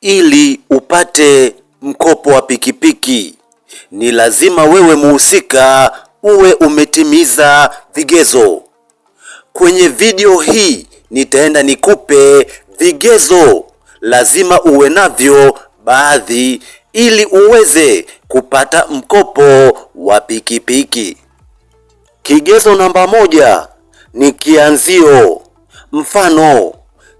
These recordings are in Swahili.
Ili upate mkopo wa pikipiki ni lazima wewe muhusika uwe umetimiza vigezo. Kwenye video hii nitaenda nikupe vigezo lazima uwe navyo baadhi, ili uweze kupata mkopo wa pikipiki. Kigezo namba moja ni kianzio, mfano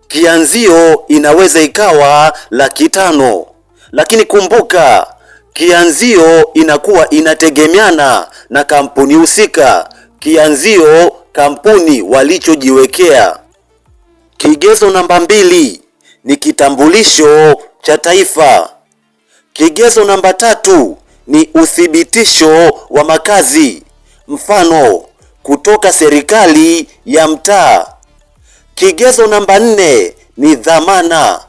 kianzio inaweza ikawa laki tano, lakini kumbuka kianzio inakuwa inategemeana na kampuni husika. Kianzio kampuni walichojiwekea. Kigezo namba mbili ni kitambulisho cha taifa. Kigezo namba tatu ni uthibitisho wa makazi, mfano kutoka serikali ya mtaa Kigezo namba nne ni dhamana.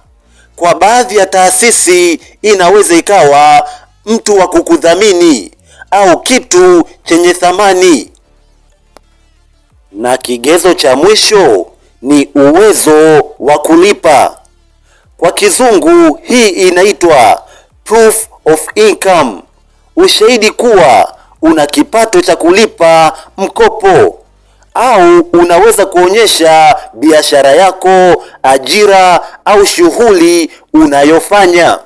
Kwa baadhi ya taasisi inaweza ikawa mtu wa kukudhamini au kitu chenye thamani. Na kigezo cha mwisho ni uwezo wa kulipa. Kwa kizungu hii inaitwa proof of income, ushahidi kuwa una kipato cha kulipa mkopo au unaweza kuonyesha biashara yako, ajira au shughuli unayofanya.